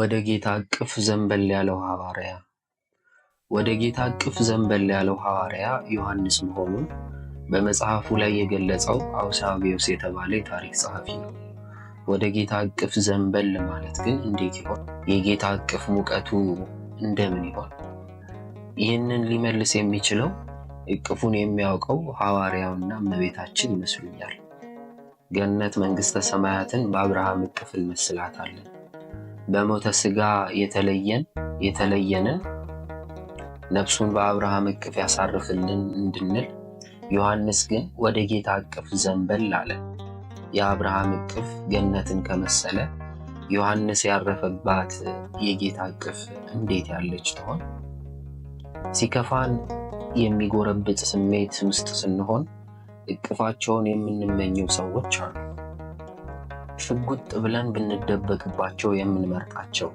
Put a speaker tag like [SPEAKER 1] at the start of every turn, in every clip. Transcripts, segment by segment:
[SPEAKER 1] ወደ ጌታ እቅፍ ዘንበል ያለው ሐዋርያ ወደ ጌታ እቅፍ ዘንበል ያለው ሐዋርያ ዮሐንስ መሆኑን በመጽሐፉ ላይ የገለጸው አውሳቢዮስ የተባለ የታሪክ ጸሐፊ ነው። ወደ ጌታ እቅፍ ዘንበል ማለት ግን እንዴት ይሆን? የጌታ እቅፍ ሙቀቱ እንደምን ይሆን? ይህንን ሊመልስ የሚችለው እቅፉን የሚያውቀው ሐዋርያውና እመቤታችን ይመስሉኛል። ገነት መንግሥተ ሰማያትን በአብርሃም እቅፍ እንመስላታለን። በሞተ ስጋ የተለየን የተለየነ ነፍሱን በአብርሃም እቅፍ ያሳርፍልን እንድንል ዮሐንስ ግን ወደ ጌታ እቅፍ ዘንበል አለ። የአብርሃም እቅፍ ገነትን ከመሰለ ዮሐንስ ያረፈባት የጌታ እቅፍ እንዴት ያለች ትሆን? ሲከፋን የሚጎረብጥ ስሜት ውስጥ ስንሆን እቅፋቸውን የምንመኘው ሰዎች አሉ። ሽጉጥ ብለን ብንደበቅባቸው የምንመርጣቸው፣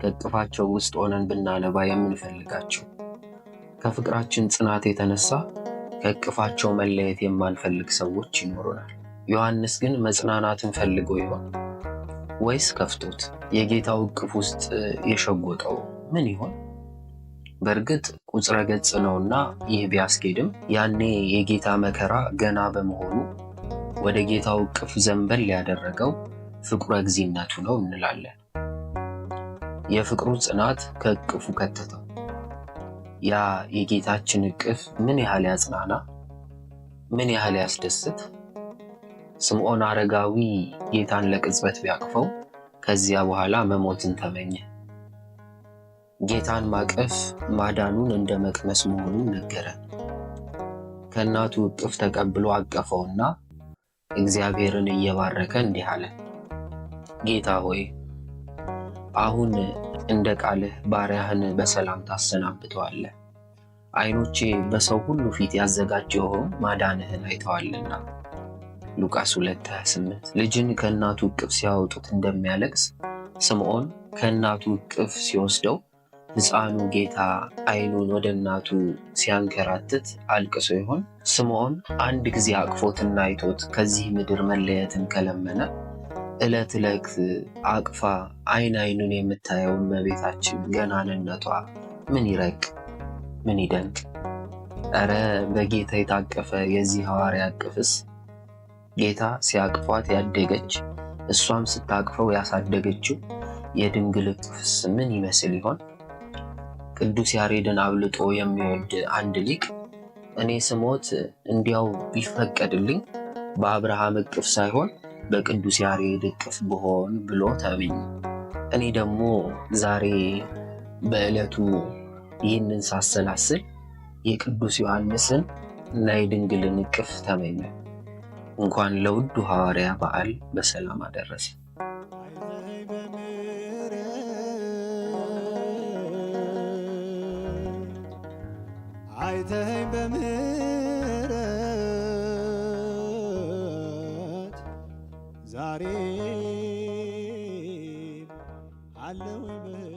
[SPEAKER 1] ከእቅፋቸው ውስጥ ሆነን ብናነባ የምንፈልጋቸው፣ ከፍቅራችን ጽናት የተነሳ ከእቅፋቸው መለየት የማንፈልግ ሰዎች ይኖሩናል። ዮሐንስ ግን መጽናናትን ፈልጎ ይሆን ወይስ ከፍቶት የጌታው እቅፍ ውስጥ የሸጎጠው ምን ይሆን? በእርግጥ ቁጽረ ገጽ ነውና ይህ ቢያስኬድም ያኔ የጌታ መከራ ገና በመሆኑ ወደ ጌታው እቅፍ ዘንበል ያደረገው ፍቁረ እግዚእነቱ ነው እንላለን። የፍቅሩ ጽናት ከእቅፉ ከተተው። ያ የጌታችን እቅፍ ምን ያህል ያጽናና፣ ምን ያህል ያስደስት። ስምዖን አረጋዊ ጌታን ለቅጽበት ቢያቅፈው ከዚያ በኋላ መሞትን ተመኘ። ጌታን ማቀፍ ማዳኑን እንደ መቅመስ መሆኑን ነገረ። ከእናቱ እቅፍ ተቀብሎ አቀፈውና እግዚአብሔርን እየባረከ እንዲህ አለ። ጌታ ሆይ አሁን እንደ ቃልህ ባሪያህን በሰላም ታሰናብተዋለህ። ዓይኖቼ በሰው ሁሉ ፊት ያዘጋጀኸውን ማዳንህን አይተዋልና። ሉቃስ 2:28 ልጅን ከእናቱ እቅፍ ሲያወጡት እንደሚያለቅስ ስምዖን ከእናቱ እቅፍ ሲወስደው ሕፃኑ ጌታ ዓይኑን ወደ እናቱ ሲያንከራትት አልቅሶ ይሆን? ስምዖን አንድ ጊዜ አቅፎትና አይቶት ከዚህ ምድር መለየትን ከለመነ ዕለት ዕለት አቅፋ ዓይን ዓይኑን የምታየው እመቤታችን ገናንነቷ ምን ይረቅ ምን ይደንቅ! እረ በጌታ የታቀፈ የዚህ ሐዋርያ አቅፍስ ጌታ ሲያቅፏት ያደገች እሷም ስታቅፈው ያሳደገችው የድንግል እቅፍስ ምን ይመስል ይሆን? ቅዱስ ያሬድን አብልጦ የሚወድ አንድ ሊቅ እኔ ስሞት እንዲያው ቢፈቀድልኝ በአብርሃም እቅፍ ሳይሆን በቅዱስ ያሬድ እቅፍ ብሆን ብሎ ተብኝ። እኔ ደግሞ ዛሬ በዕለቱ ይህንን ሳሰላስል የቅዱስ ዮሐንስን እና የድንግልን እቅፍ ተመኘ። እንኳን ለውዱ ሐዋርያ በዓል በሰላም አደረሰ። አብዝተኸኝ በምሕረት ዛሬ አለሁኝ